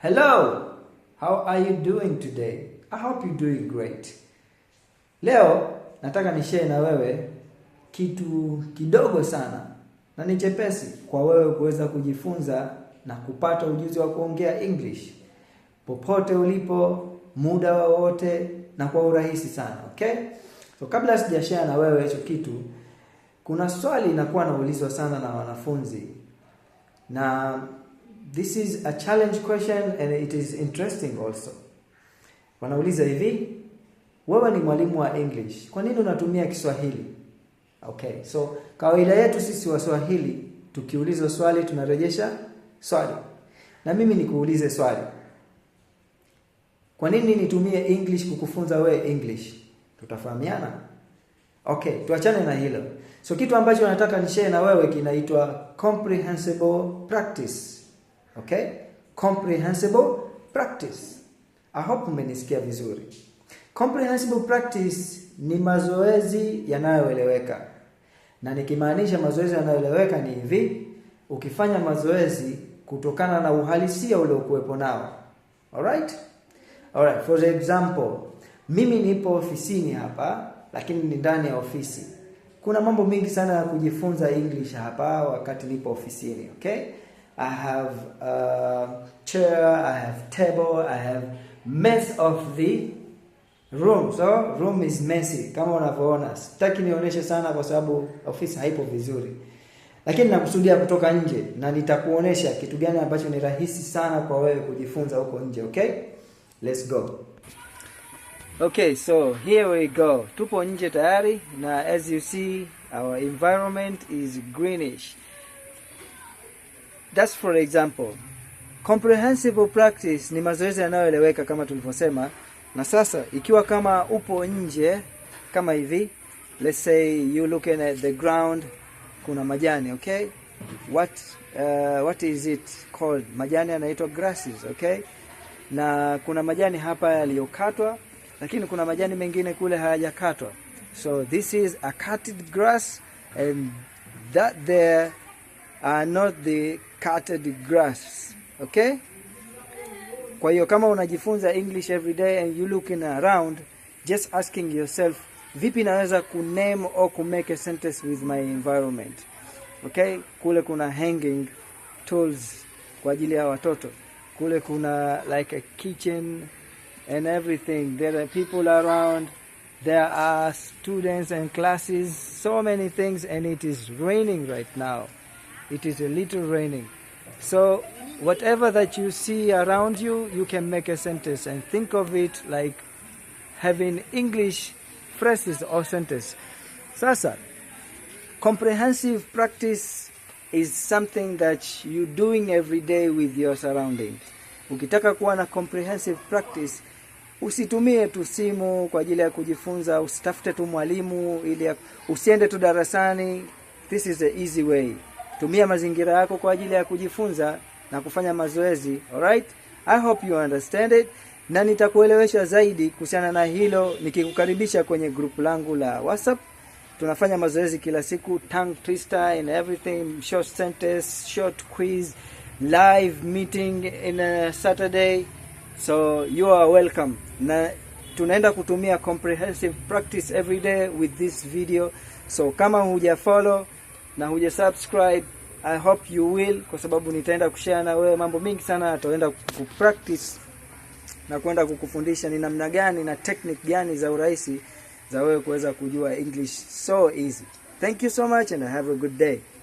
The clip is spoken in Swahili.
Hello, how are you doing today? I hope you're doing great. Leo nataka nishare na wewe kitu kidogo sana na ni chepesi kwa wewe kuweza kujifunza na kupata ujuzi wa kuongea English popote ulipo, muda wowote na kwa urahisi sana, okay? So kabla sijashare na wewe hicho kitu, kuna swali inakuwa naulizwa sana na wanafunzi na this is a challenge question and it is interesting also. Wanauliza hivi, wewe ni mwalimu wa English, kwa nini unatumia Kiswahili? Okay, so kawaida yetu sisi Waswahili tukiuliza swali tunarejesha swali, na mimi nikuulize swali, kwa nini nitumie English kukufunza we English? Tutafahamiana? Okay, tuachane na hilo. So kitu ambacho nataka nishee na wewe kinaitwa comprehensible practice Okay? Comprehensible practice. I hope umenisikia vizuri. Comprehensible practice ni mazoezi yanayoeleweka. Na nikimaanisha mazoezi yanayoeleweka ni hivi, ukifanya mazoezi kutokana na uhalisia uliokuwepo nao. Alright? Alright, for example, mimi nipo ofisini hapa lakini ni ndani ya ofisi. Kuna mambo mengi sana ya kujifunza English hapa wakati nipo ofisini, okay? I have a uh, chair, I have table, I have mess of the room. So room is messy kama unavyoona. Sitaki nionyeshe sana kwa sababu ofisi haipo vizuri. Lakini nakusudia kutoka nje na nitakuonesha kitu gani ambacho ni rahisi sana kwa wewe kujifunza huko nje, okay? Let's go. Okay, so here we go. Tupo nje tayari na as you see our environment is greenish. That's for example. Comprehensive practice ni mazoezi yanayoeleweka kama tulivyosema. Na sasa ikiwa kama upo nje kama hivi, let's say you looking at the ground, kuna majani okay, what uh, what is it called? Majani yanaitwa grasses okay, na kuna majani hapa yaliyokatwa, lakini kuna majani mengine kule hayajakatwa. So this is a cutted grass and that there are not the cutted grass. Okay? Kwa hiyo kama unajifunza English every day and you looking around just asking yourself vipi naweza kuname au kumake a sentence with my environment. Okay? Kule kuna hanging tools kwa ajili ya watoto. Kule kuna like a kitchen and everything. There are people around. There are students and classes, so many things and it is raining right now it is a little raining. So whatever that you see around you, you can make a sentence and think of it like having English phrases or sentences. Sasa, comprehensive practice is something that you doing every day with your surroundings. Ukitaka kuwa na comprehensive practice, usitumie tu simu kwa ajili ya kujifunza, usitafute tu mwalimu ili usiende tu darasani. This is the easy way. Tumia mazingira yako kwa ajili ya kujifunza na kufanya mazoezi. Alright? I hope you understand it na nitakuelewesha zaidi kuhusiana na hilo nikikukaribisha kwenye grupu langu la WhatsApp. Tunafanya mazoezi kila siku, tongue twister and everything, short sentence, short quiz, live meeting in a Saturday. So you are welcome. Na tunaenda kutumia comprehensive practice every day with this video. So kama hujafollow na huja subscribe, I hope you will, kwa sababu nitaenda kushare na wewe mambo mingi sana ataenda kupractice na kwenda kukufundisha ni namna gani na technique gani za urahisi za wewe kuweza kujua English so easy. Thank you so much and have a good day.